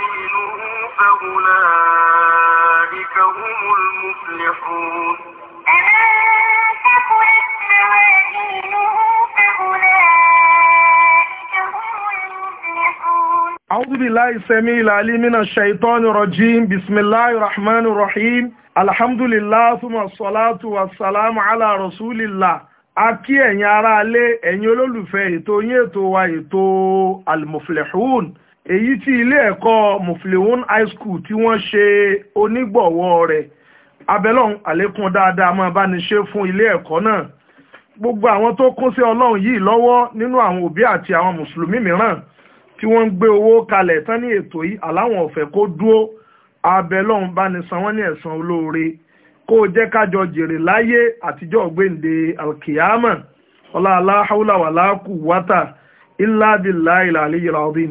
يضله فأولئك هم المفلحون أعوذ بالله السميع العليم من الشيطان الرجيم بسم الله الرحمن الرحيم الحمد لله ثم الصلاة والسلام على رسول الله أكي أن يرى لي أن olólùfẹ́ ètò yín يتو ويتو المفلحون èyí tí ilé ẹ̀kọ́ mufleon high school tí wọ́n ṣe onígbọ̀wọ́ rẹ̀ abẹ́lọ́hún àlékún dáadáa máa bá ní ṣe fún ilé ẹ̀kọ́ náà gbogbo àwọn tó kún sí ọlọ́run yìí lọ́wọ́ nínú àwọn òbí àti àwọn mùsùlùmí mìíràn tí wọ́n ń gbé owó kalẹ̀ tán ní ètò yìí àláwọn ọ̀fẹ́ kó dúró abẹ́lọ́hún bá ní san wọ́n ní ẹ̀san olóore kó o jẹ́ kájọ jèrè láyé àtijọ́ gbèǹde alkiyama ọlá aláhàúlà wàláàkú wátà ìlàbìlà ìlàlẹ́ yìí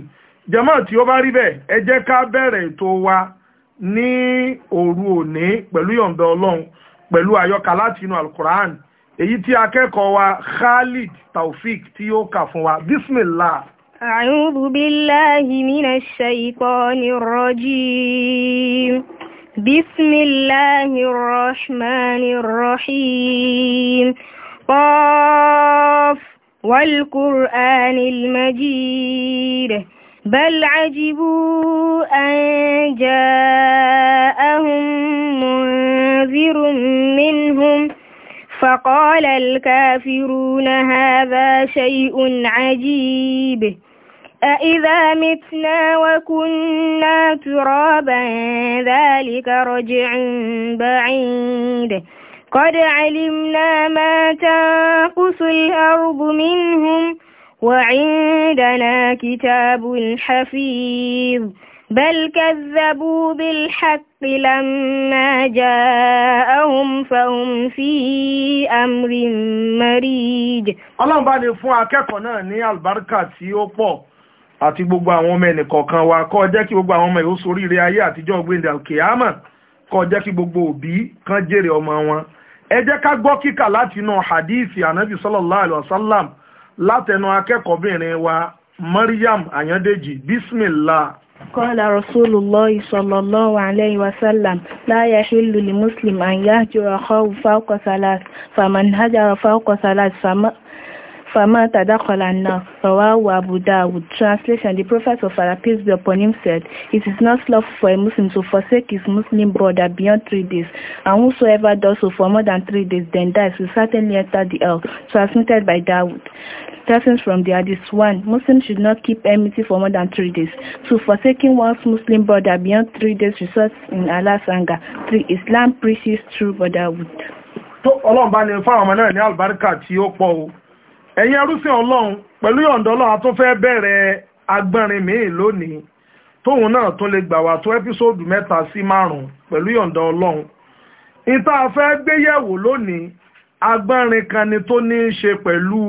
jàmáà tí ó bá rí bẹ́ẹ̀ ẹ jẹ́ ká bẹ̀rẹ̀ ètò wa ní òru òní pẹ̀lú yọ̀ǹda ọlọ́run pẹ̀lú àyọkà láti inú alukur'an èyí tí akẹ́kọ̀ọ́ wa Khalid Taofik tí ó kà fún wa bismillah. a'udhu billahi minash shaytanir rajim bismillahir rahmanir rahim qaf wal qur'anil majid. بل عجبوا أن جاءهم منذر منهم فقال الكافرون هذا شيء عجيب أإذا متنا وكنا ترابا ذلك رجع بعيد قد علمنا ما تنقص الأرض منهم وعندنا كتاب حفيظ بل كذبوا بالحق لما جاءهم فهم في أمر مريد ọlọ́run bá ní fún akẹ́kọ̀ọ́ náà ní àti gbogbo àwọn ọmọ ẹnìkọ̀ọ̀kan wa kó jẹ́ kí gbogbo àwọn ọmọ yóò ṣoríire ayé àtijọ́ gbẹ̀ndẹ̀ alkiyama kó jẹ́ kí gbogbo òbí kan jèrè ọmọ wọn ẹ jẹ́ ká gbọ́ kíkà látinú hadithi anabi sallallahu alayhi wa látẹnu akẹ́kọ̀ọ́bìnrin wa Maryam Ayandeji bismillah. Kọ́lá Rasulullah sallallahu alayhi wa sallam, la yahillu li Muslim an yahjura akhahu fawqa salat, faman hajara fawqa salat, Fama Tadakolana, Rawahu Abu Dawud. Translation, the Prophet of Allah, peace be upon him, said, It is not lawful for a Muslim to forsake his Muslim brother beyond three days, and whosoever does so for more than three days then dies will certainly enter the hell. Transmitted by Dawood. Lessons from the Hadith 1. Muslims should not keep enmity for more than three days. 2. Forsaking one's Muslim brother beyond three days results in Allah's anger. 3. Islam preaches true brotherhood. Ọlọ́run bá ní fáwọn ọmọ náà ní àlùbáríkà tí ó pọ̀ o ẹ̀yin arúfin ọlọ́run pẹ̀lú yọ̀ǹda ọlọ́run a tún fẹ́ bẹ̀rẹ̀ agbọ́nrin míì lónìí tóun náà tún lè gbà wá tó ẹ́písòdù mẹ́ta sí márùn-ún pẹ̀lú yọ̀ǹda ọlọ́run ìta fẹ́ gbéyẹ̀wò lónìí agbọ́nrin kan ni tó ní í ṣe pẹ̀lú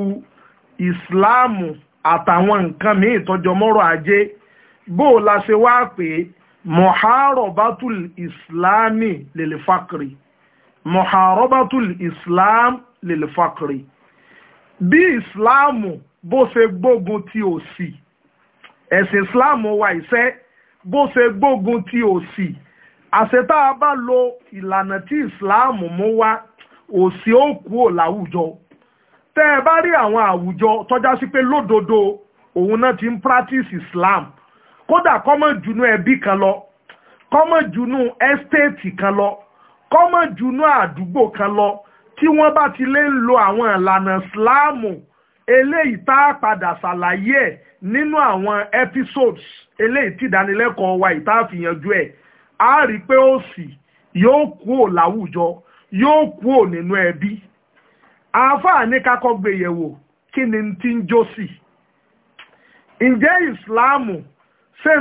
ìsìláàmù àtàwọn nǹkan míì tọjọ mọ́rọ̀ ajé bó o la ṣe wá pé muharobatul islami lil fakri muharobatul islam lil fakri bí ìsìláàmù bó ṣe gbógun ti òṣì ẹ̀sìn ìsìláàmù wa ìṣẹ́ bó ṣe gbógun ti òṣì àṣetá a bá lo ìlànà tí ìsìláàmù mú wá òṣì ó kúrò láwùjọ tẹ́ ẹ bá rí àwọn àwùjọ tọ́já sí pé lódodo òun náà ti ń practice Islam kódà kọ́mọ̀ jùnú ẹbí kan lọ kọ́mọ̀ jùnú ẹ́stéètì kan lọ kọ́mọ̀ jùnú àdúgbò kan lọ tí wọ́n bá ti lè ń lo àwọn ìlànà síláàmù eléyìí tá a padà ṣàlàyé ẹ̀ nínú àwọn episodes eléyìí tí ìdánilẹ́kọ̀ọ́ wa ìta àfihànjú ẹ̀ a rí i pé ó sì yóò kúò láwùjọ yóò kúò nínú ẹbí àáfàá ní kakọ́ gbèyẹ̀wò kí ni ti ń jó sí ǹjẹ́ ìsìláàmù ṣé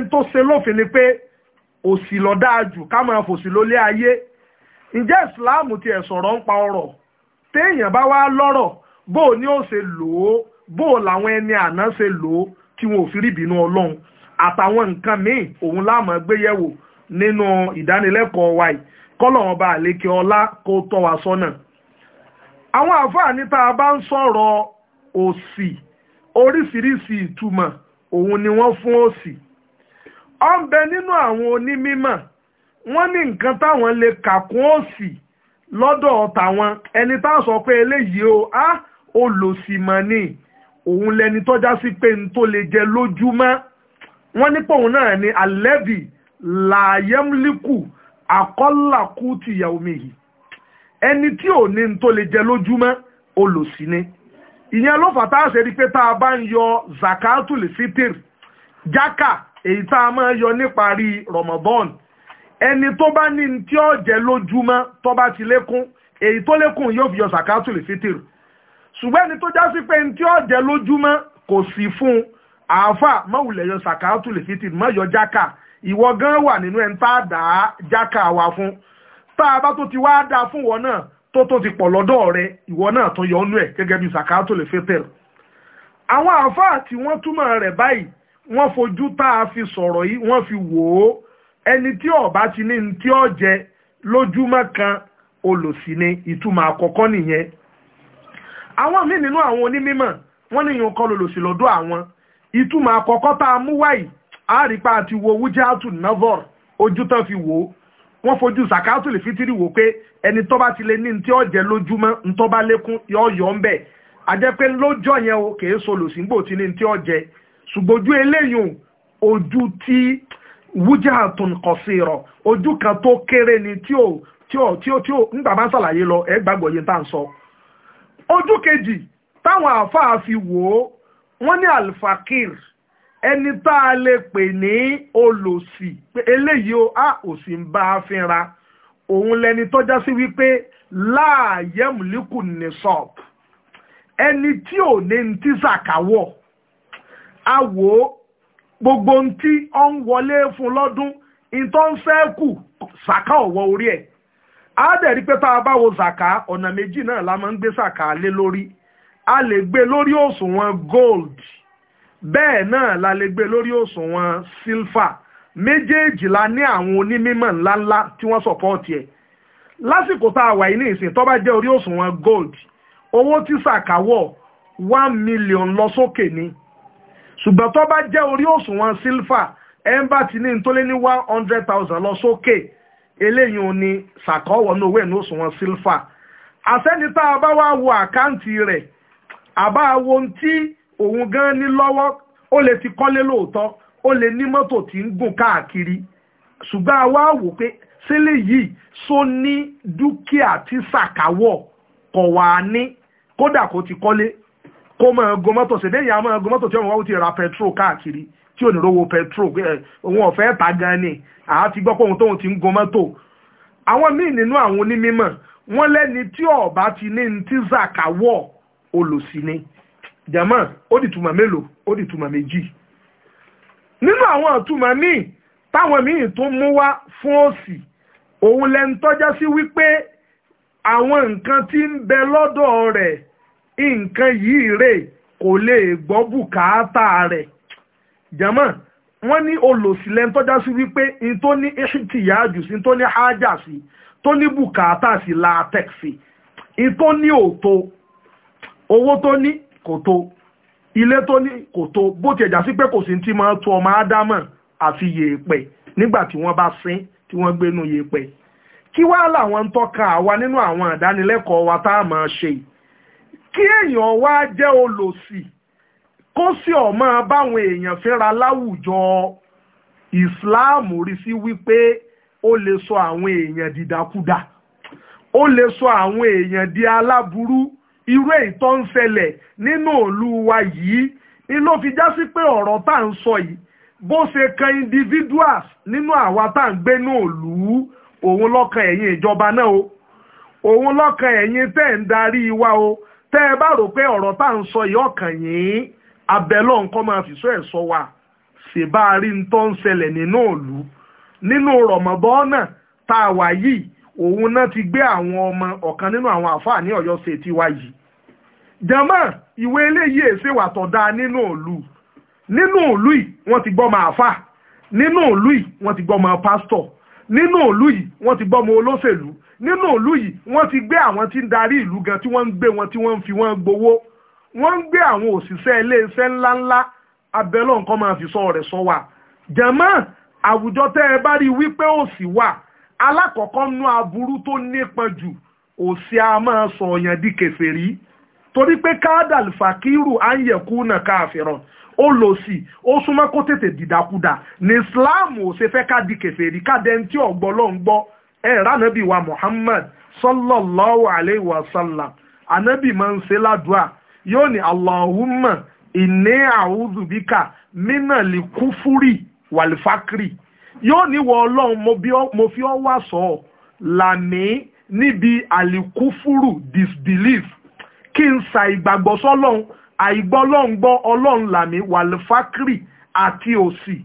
ń tó ṣe lófin ni pé òsì ló ká máa fòsì lólé ayé ǹjẹ́ ìsìláàmù tiẹ̀ sọ̀rọ̀ ń pa ọ̀rọ̀ téèyàn bá wá lọ́rọ̀ bó o ní ó ṣe lò ó bó o làwọn ẹni àná ṣe lò ó tí wọn ò fi rí ìbínú ọlọ́run àtàwọn nǹkan míì òun láàmú gbéyẹ̀wò nínú ìdánilẹ́kọ̀ọ́ wa yìí kọ́lọ́run bá àlékè ọlá kó tọ́ wa sọ́nà. àwọn àǹfààní tá a bá ń sọ̀rọ̀ òsì oríṣiríṣi ìtumọ̀ òun ni wọ́n fún òsì. ó ń bẹ nínú àwọn onímímọ̀ wọ́n ní nǹkan táwọn lè kà kún òsì lọ́dọ̀ tàwọn ẹni tá à sọ pé eléyìí o á olòṣìmọ̀ ni òun lẹni tọ́já sí pé n tó lè jẹ lójúmọ́ wọ́n ní pòun náà ni alẹ́bì làyẹ́mlíkù àkọ́làkù tìyàwó mi yìí ẹni tí ò ní n tó lè jẹ lójúmọ́ olòṣì ni ìyẹn ló fà ṣe rí pé tá a bá ń yọ zakatul fitr jaka èyí tá a máa yọ níparí Ramadan ẹni tó bá ní tí ó jẹ lójúmọ́ tó bá ti lékún èyí tó lékún yóò fi yọ sàkátù lè fi tèrò ṣùgbọ́n ẹni tó já sí pé ní tí ó jẹ lójúmọ́ kò sí fún àáfà mọ́wùlẹ̀ yọ sàkátù lè fi tèrò mọ́yọ jáka ìwọ gan wà nínú ẹni tá a dá jáka wa fún tá a bá tó ti wá dá fún wọn náà tó tó ti pọ̀ lọ́dọ̀ rẹ ìwọ náà tó yọ ọ́nú ẹ̀ gẹ́gẹ́ bí sàkátù lè fi tèrò àwọn àáfà tí wọ́n túmọ̀ rẹ̀ báyìí wọ́n fojú tá a fi sọ̀rọ̀ yìí wọ́n fi wò ó ẹni tí ọba ti ní ní tí ó jẹ lójúmọ́ kan olòṣì ni ìtumọ̀ àkọ́kọ́ nìyẹn àwọn míì nínú àwọn onímọ̀ wọ́n ní ìyẹn kọ́ lòlòṣì lọ́dọ̀ àwọn ìtumọ̀ àkọ́kọ́ tá a mú wáyìí àárípa àti wo wújáàtù navor ojú tán fi wò ó wọ́n fojú sàkáàtù lè fitiri wò pé ẹni tó bá ti lè ní tí ó jẹ lójúmọ́ ntọ́ bá lékún yọ̀ọ̀yọ̀ ń bẹ̀ àjẹ́ pé lójọ́ yẹn o kì í so lòsì ń bò tí ní tí ó jẹ ṣùgbọ́n ojú eléyìí ojú tí wújàtún kọ̀sìrọ̀ ojú kan tó kéré ni tí ò tí ò tí ò tí ò ń bàbá ń ṣàlàyé lọ ẹ gbàgbọ́ yẹn tá à ń sọ ojú kejì táwọn àáfàá fi wò ó wọ́n ní alfakir ẹni tá a lè pè ní olòṣì eléyìí ó a òṣì ń bá a fínra òun lẹni tọ́já sí wípé láàyẹ̀mùlíkù ní sọ́ọ̀pù ẹni tí ò ní ti ṣàkáwọ̀ a wò ó gbogbo ohun tí ó ń wọlé fún lọ́dún ìtọ́ ń fẹ́ kù sàká ọ̀wọ́ orí ẹ̀ á dẹ̀ rí pé tá a bá wo sàká ọ̀nà méjì náà la máa ń gbé sàká lé lórí a lè gbé lórí òṣùwọ̀n gold bẹ́ẹ̀ náà la lè gbé lórí òṣùwọ̀n silver méjèèjì la ní àwọn onímọ̀ ńláńlá tí wọ́n sọ̀pọ̀ọ̀tì ẹ̀ lásìkò tá a wà yìí ní ìsìn tó bá jẹ́ orí òṣùwọ̀n gold owó tí sàká wọ̀ one million lọ sókè ni. So ṣùgbọ́n tó bá jẹ́ orí òṣùwọ̀n sílfà ẹ̀ńbà tí ní tó lé ní one hundred thousand lọ sókè eléyìí ò ní ṣàkọ́wọ́ ní owó ẹ̀ ní òṣùwọ̀n sílfà àsẹ́ni tá a bá wá wo àkáǹtì rẹ̀ àbá wo tí òun gan ní lọ́wọ́ ó lè ti kọ́lé lóòótọ́ ó lè ní mọ́tò tí ń gùn káàkiri ṣùgbọ́n àwa wò pé sílẹ̀ yìí só ní dúkìá tí ṣàkáwọ̀ kọ̀ wá ní kódà kó ti kọ́lé kó máa gun mọ́tò ṣèdè ìyá máa gun mọ́tò tí wọ́n wá ti ra petrol káàkiri tí ò ní rówó petrol òun ọ̀fẹ́ ta gan ni àá ti gbọ́ pé òun tóun ti ń gun mọ́tò àwọn míì nínú àwọn onímọ̀ wọ́n lẹ́ni tí ọ̀bá ti ní ti zakawọ́ olòṣì ni jama ó di tùmọ̀ mélòó ó di tùmọ̀ méjì nínú àwọn àtùmọ̀ míì táwọn míì tó mú wá fún òṣì òun lẹ́ni tọ́já sí wípé àwọn nǹkan tí ń bẹ lọ́dọ̀ rẹ̀ nǹkan yìí rè kò lè gbọ́ bùkátà rẹ̀ jẹ́mọ́ wọ́n ní olòsílẹ̀ ń tọ́já sí wípé n tó ní ìṣìtìyàjù sí n tó ní hájà sí tó ní bùkátà sí latex sí n tó ní òtó owó tó ní kò tó ilé tó ní kò tó bó ti ẹ̀já sí pé kò sí ti máa tó ọmọ ádámọ̀ àfi yèèpẹ̀ nígbà tí wọ́n bá sin tí wọ́n gbénu yèèpẹ̀ kí wàá làwọn ń tọ́ka àwa nínú àwọn ìdánilẹ́kọ̀ọ́ wa tá a máa ṣe yìí kí èèyàn wá jẹ́ olòṣì kó sì ọ̀ máa báwọn èèyàn fẹ́ra láwùjọ Islam rí sí wípé ó lè sọ àwọn èèyàn dìdàkudà ó lè sọ àwọn èèyàn di aláburú irú èyí tó ń ṣẹlẹ̀ nínú òlu wa yìí ni ló fi já sí pé ọ̀rọ̀ tá à ń sọ yìí bó ṣe kan individuals nínú àwa tá à ń gbé ní òlu òun lọ́kàn ẹ̀yin ìjọba náà o òun lọ́kàn ẹ̀yin tẹ́ ń darí wa o. tẹ́ ẹ bá rò pé ọ̀rọ̀ tá à ń sọ yìí ọ̀kàn yìí abẹ́lọ́ nǹkan máa fi sọ ẹ̀ sọ wa ṣèbá rí n tó ń ṣẹlẹ̀ nínú òlu nínú rọ̀mọ̀bọ́nà tá a wà yìí òun náà ti gbé àwọn ọmọ ọ̀kan nínú àwọn àfáà ní ọ̀yọ́ ṣe ti wá yìí jama ìwé eléyìí èsè wà tọ̀ dáa nínú òlu nínú òlu yìí wọ́n ti gbọ́ máa fà nínú òlu yìí wọ́n ti gbọ́ máa pásítọ̀ nínú òlu yìí wọ́n ti gbọ́ máa olóṣèlú nínú ìlú yìí wọ́n ti gbé àwọn tí ń darí ìlú gan tí wọ́n ń gbé wọn tí wọ́n ń fi wọ́n gbowó wọ́n ń gbé àwọn òṣìṣẹ́ iléeṣẹ́ ńláńlá abẹ́lọ́ nǹkan máa fi sọ rẹ̀ sọ wà jẹ̀mọ́ àwùjọ tẹ́ ẹ bá rí wípé òṣì wà alákọ̀ọ́kọ́ nú aburú tó nípọn jù òṣì a máa sọ ọ̀yàn di kèfèrí torí pé káàdàlì fàkírù à ń yẹ̀kú náà káàfìràn ó lò sí ó súnmọ́ kó tètè dìdàkudà ní Islam ò ṣe fẹ́ ká di kèfèrí ká dẹni tí ọ̀gbọ́n ló ń gbọ́ ẹ̀rọ ànábì wa Muhammad sallallahu alayhi wa sallam ànábì máa ń ṣe ládùúà yóò ní Allahumma inni a'udhu bika mínà lè kú fúrì wàlífákìrì yóò ní wọ ọlọ́run mo fi ọ́ wà sọ ọ́ níbi àlìkúfúrù disbelief kí n sa ìgbàgbọ́ sọ́lọ́run àìgbọ́lọ́ngbọ́ ọlọ́run làmì wàlífákìrì àti òṣì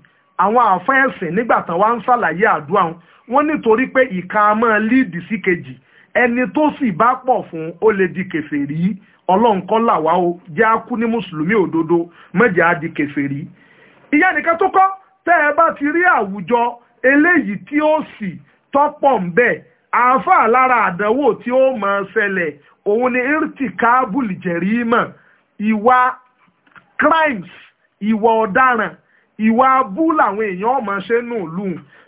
àwọn àfẹ́ẹ̀sìn nígbà tán wá ń ṣàlàyé àdúrà wọ́n nítorí pé ìka máa líìdì sí kejì ẹni tó sì bá pọ̀ fún ó lè di kèfèrí ọlọ́run kọ́ là o jẹ́ á kú ní mùsùlùmí òdodo mẹ́jẹ̀ á di kèfèrí. ìyá nìkan tó kọ́ tẹ́ ẹ bá ti rí àwùjọ eléyìí tí ó sì tọ́pọ̀ ń bẹ̀ àáfàá lára àdánwò tí ó máa ṣẹlẹ̀ òun ni irtikabul jerima ìwà crimes ìwà ọ̀daràn ìwà abú làwọn èèyàn ọmọ ṣe nù lù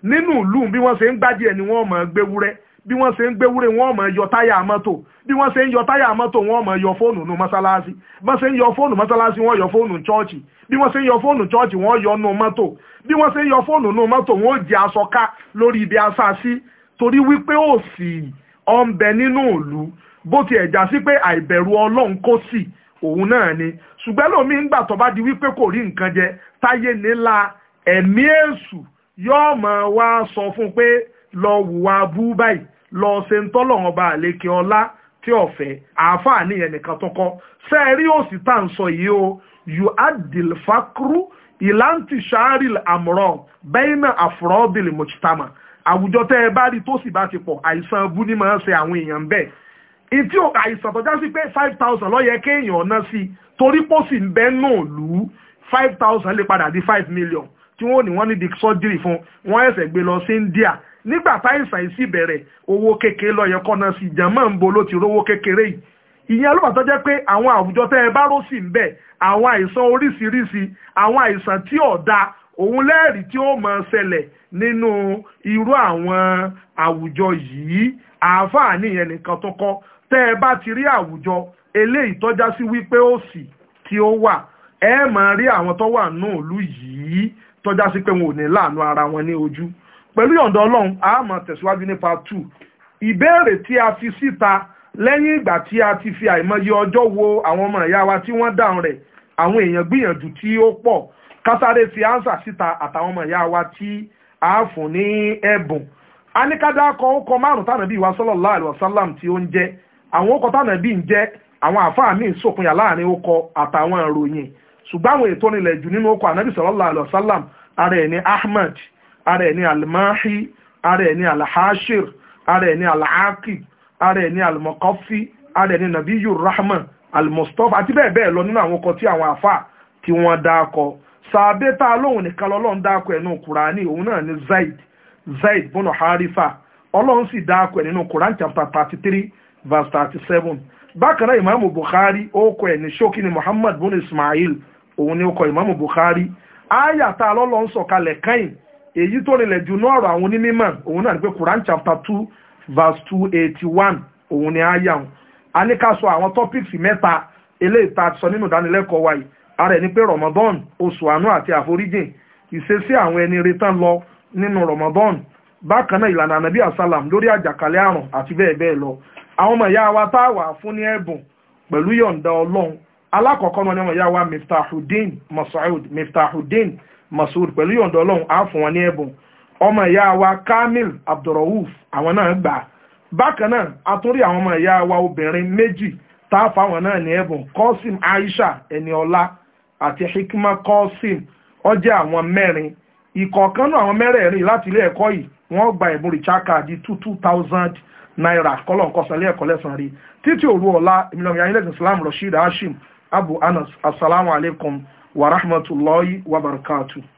nínú lù bí wọ́n ṣe ń gbájí ẹni wọ́n ọmọ gbéwúrẹ́ bí wọ́n ṣe ń gbéwúrẹ́ wọ́n ọmọ yọ táyà mọ́tò bí wọ́n ṣe ń yọ táyà mọ́tò wọ́n ọmọ yọ fóònù nù mọ́sálásí bọ́n ṣe ń yọ fóònù mọ́sálásí wọ́n yọ fóònù chọ́ọ̀chì bí wọ́n ṣe ń yọ fóònù chọ́ọ̀chì wọ́n yọ nù mọ́tò bí wọ́n ṣe ń yọ fóònù nù mọ́tò wọ́n jẹ aṣọ ká lórí ibi aṣáṣí torí wípé òsì ọ̀nbẹ nínú ìlú bó ti ẹ̀já sí pé àìbẹ̀rù ọlọ́run kò sí òun náà ni ṣùgbọ́n lómi ń gbà tó bá di wípé kò rí nǹkan jẹ táyé nílá ẹ̀mí èṣù yóò máa wá sọ fún pé lọ hùwà bú báyìí lọ ṣe ń tọ́lọ̀ ọba àlékè ọlá tí ọ̀fẹ́ àáfàá nìyẹn nìkan tó kọ́ ṣe é rí òsì tá à ń sọ yìí o yu adil fakru ìlàǹtì sàárìl àmúrọ̀ bẹ́ẹ̀nà àfúrọ́bìlì mọ̀chítàmà àwùjọ tẹ́ ẹ bá rí tó sì bá ti pọ̀ àìsàn abúní máa ń ṣe àwọn èèyàn bẹ́ẹ̀ ìtí àìsàn tó já sí pé five thousand ló yẹ kéèyàn ọ̀nà sí i torí pò sì ń náà lù ú five thousand lè padà di five million tí wọ́n ní wọ́n ní di surgery fún wọ́n ẹ̀sẹ̀ gbé lọ sí India nígbà táìsàn ìsì bẹ̀rẹ̀ owó kékeré ló yẹ kọ́nà sí ìjàmọ́ ń bo ló ti rówó kékeré yìí ìyẹn ló wà tó jẹ́ pé àwọn àwùjọ tẹ́ ẹ bá rò sí ń bẹ àwọn àìsàn oríṣiríṣi àwọn àìsàn tí ò dáa òun lẹ́ẹ̀rí tí ó máa ṣẹlẹ̀ nínú irú àwọn àwùjọ yìí àáfàá nìyẹn nìkan tó kọ́ tẹ́ ẹ bá ti rí àwùjọ eléyìí tọ́já sí wípé òṣì tí ó wà ẹ máa rí àwọn tó wà nù ìlú yìí tọ́já sí pé wọn ò ní láàánú ara wọn ní ojú pẹ̀lú yọ̀ǹda ọlọ́run a máa tẹ̀síwájú ní part two ìbéèrè tí a fi síta lẹ́yìn ìgbà tí a ti fi àìmọye ọjọ́ wo àwọn ọmọ ìyá wa tí wọ́n dáhùn rẹ̀ àwọn èèyàn gbìyànjú tí ó pọ̀ kásáré fi ánsà síta àtàwọn ọmọ ìyá wa tí a fún ní ẹ̀bùn aníkádá ó kọ márùn tánàbí wa sallallahu alaihi tí ó ń jẹ́ àwọn ọkọ̀ tánà bíi ń jẹ́ àwọn àfáà míì sòpin yà láàrin ọkọ̀ àtàwọn ìròyìn ṣùgbọ́n àwọn ètò ìrìnlẹ̀ jù nínú ọkọ̀ ànábì sallallahu alaihi ara ẹ̀ ní ahmad ara ẹ̀ ní almahi ara ẹ̀ ní alhashir ara ẹ̀ ní alhaki ara ẹ̀ ní almokofi ara ẹ̀ ní nabiyur rahman almustapha àti bẹ́ẹ̀ bẹ́ẹ̀ lọ nínú àwọn ọkọ̀ tí àwọn àfáà tí wọ́n dákọ̀ sàbẹ́ tá a nìkan lọ́lọ́run dákọ̀ ẹ̀ nínú kùránì òun náà ní zaid zaid bọ́nà harifa ọlọ́run sì dákọ̀ ẹ̀ nínú kùránì chapter thirty three verse thirty seven bákan náà ìmáàmù Bukhari ó kọ ẹ̀ ní ṣókí ni Muhammad bin Ismail òun ni ó kọ ìmáàmù Bukhari aya tá a lọ́lọ́ ń sọ̀kalẹ̀ káyìn èyí tó rinlẹ̀ jù ní ọ̀rọ̀ àwọn onímọ̀ òun náà ni pé Quran chapter two verse two eighty one òun ni aya òun a ní ká sọ àwọn topics mẹ́ta eléyìí tá a sọ nínú ìdánilẹ́kọ̀ọ́ wa yìí ara ẹ̀ ni pé Ramadan oṣù àánú àti àforíjìn ìṣesí àwọn ẹni retán lọ nínú Ramadan bákan náà ìlànà ànàbí àsálàm lórí àjàkálẹ̀ àrùn àti bẹ́ẹ̀ bẹ́ẹ̀ lọ àwọn ma ìyá wa tá a wà fún ní ẹ̀bùn pẹ̀lú yọ̀ǹda ọlọ́run alákọ̀ọ́kọ́ náà ni ọmọ ìyá wa miftahudeen masoud masoud pẹ̀lú yọ̀ǹda ọlọ́run á fún wọn ní ẹ̀bùn ọmọ ìyá wa kamil abdulrauf àwọn náà gbà bákan náà a tún rí àwọn ọmọ ìyá wa obìnrin méjì tá a fáwọn náà ní ẹ̀bùn kọ́sìm aisha ẹni ọlá àti hikma kọ́sìm ó àwọn mẹ́rin ìkọ̀ọ̀kan náà àwọn mẹ́rẹ̀ẹ̀rin láti ilé ẹ̀kọ́ yìí gba ẹ̀bùn di náírà kọ́lọ̀ nkọ́sánlé ẹ̀kọ́ lẹ́sàn-án rí títí òru ọ̀la ìmìlọ̀mìyàn ilé ìsìn islam rasheed hashim abu anas asalaamu alaykum wa rahmatulahi wa barakatuh.